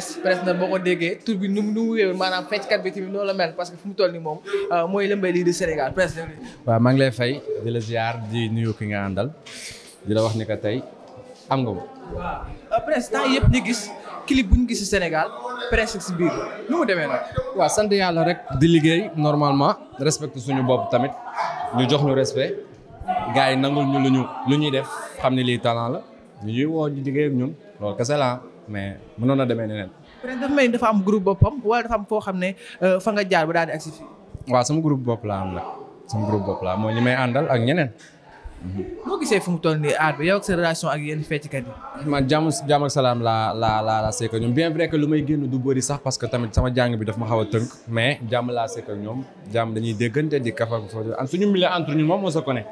presque na boo ko déggee tur bi nu mu wéyoon maanaam fecckat bi tamit loolu la mel parce que fu mu toll nii moom euh, mooy lëmbay lii di Sénégal presque. waaw maa ngi lay fay di la ziar di nuyu ki nga àndal di la wax ni que tey am euh, gis clip bu ñu gis Sénégal presque si biir nu mu demee nag. waaw sant yàlla rek di liggéey normalement respecté suñu bopp tamit ñu jox ñu respect gars yi nangul ñu lu ñu lu ñuy def xam ne lii talent la ñu ñuy woo di ñun loolu kese mais mënoon na demee neneen. peut-être dafa mel ni am group boppam wala dafa am foo xam ne euh, fa nga jaar ba daal di agsi fii. waaw sama groupe bopp laa am nag sama groupe bopp laa mooy li may àndal ak ñeneen. boo mhm. gisee fu mu toll nii aar bi ak sa relation ak yéen fecckat yi. man jàmm jàmm ak salaam laa laa laa laa sekk ñoom bien vrai que lu may génn du bëri sax parce tamit sama jàng bi daf ma xaw tënk. mais jàmm laa sekk ñoom jàmm dañuy déggante di kafa foofu suñu milieu entre ñun moom moo ko connaît.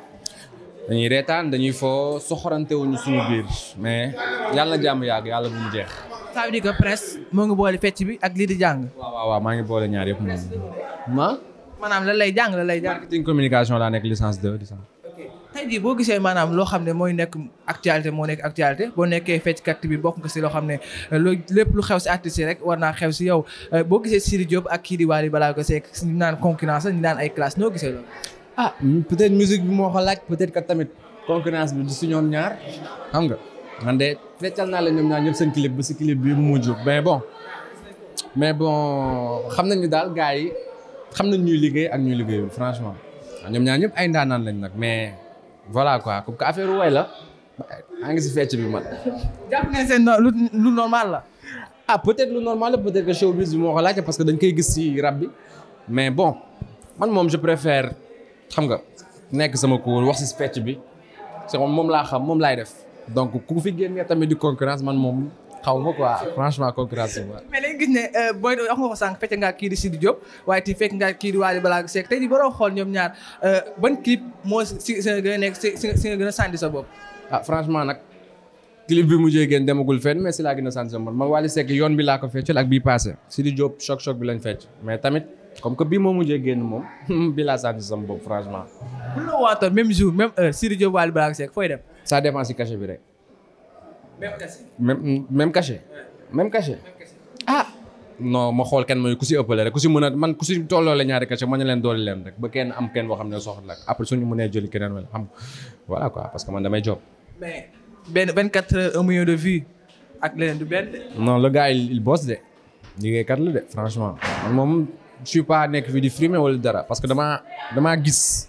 dañuy reetaan dañuy foo soxorante wuñu suñu biir mais yàlla jàmm yàgg yàlla bu mu jeex. ça veut dire que moo ngi boole fecc bi ak lii di jàng. waaw waaw maa ngi boole ñaar yëpp moom. ma. maanaam lan lay jàng lan lay jàng. marketing communication laa nekk licence 2 licence. ok boo gisee maanaam loo xam ne mooy nekk actualité moo nekk actualité boo nekkee fecckat bi bokk nga si loo xam ne euh, loolu lépp lu xew si artiste rek war naa xew si yow euh, boo gisee Sidy Diop ak kii di Wally Ballago Seck ñu naan concurrence ñu naan ay classe noo gisee loolu. ah peut-être musique bi moo ko laaj peut-être que tamit concurrence bi si ñoom ñaar xam nga man de feccal naa la ñoom ñaar ñëpp seen clip ba si clip bi mu mujj mais bon mais bon xam nañu daal gars yi xam nañ ñuy liggéey ak ñuy liggéeyul franchement ah, ñoom ñaar ñëpp ay ndaanaan lañ nag mais voilà quoi comme que affaire way la maa ngi si fecc bi man. jàpp nga seen lu normal la. ah peut-être lu normal la peut-être que showbiz bi moo ko laajte parce que dañ koy gis si rab mais bon moom je xam nga nekk sama cours wax si fecc bi si moom laa xam moom laay def donc ku fi génnee tamit di concurrence man moom xaw ma quoi franchement concurrence bi quoi. mais léegi gis ne euh, booy wax nga kii di Sidi Diop waaye ti fekk ngaa kii di Waly Ballago Seck tey xool ñoom ñaar euh, ban clip moo si si nga nekk si si nga gën sa bopp. ah nag clip bi mujjee génn demagul fenn mais si laa gën a sànni sa bopp man Waly Seck yoon bi laa ko feccal ak bii passé Sidi Diop choc choc bi lañ fecc mais tamit. comme que bii moo mujjee génn moom bi laa sant sama bopp franchement. bu la waatoon même jour même heure Sidy Diop Wally Ballago Seck fooy dem. ça dépend si cachet bi rek. même cachet. même même cachet. même cachet. ah. non ma xool kenn mooy ku si ëppale rek ku si mën a man ku si tolloo la ñaari cachet ma ne leen doole leen rek ba kenn am kenn boo ne soxla ak après suñu mënee jëli keneen wala xam voilà parce que man damay job. mais benn 24 heures 1 million de vues ak leneen du benn. non je suis pas nekk fi di frimer wala dara parce que damaa damaa gis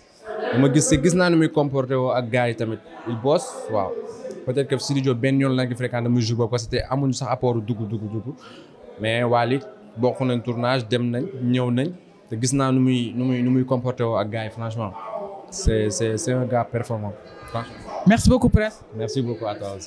dama gis te gis naa ni muy comporté woo ak gars yi tamit il bosse waaw peut-être que Sidi Diop benn yoon la ngi fréquenté muy jour boobu parce que te amuñu sax apport dugg dugg dugg mais Wally bokk nañ tournage dem nañ ñëw nañ te gis naa nu muy nu muy nu muy comporté woo ak gars yi franchement c'est c'est c'est un gars performant franchement. merci beaucoup Presse. merci beaucoup à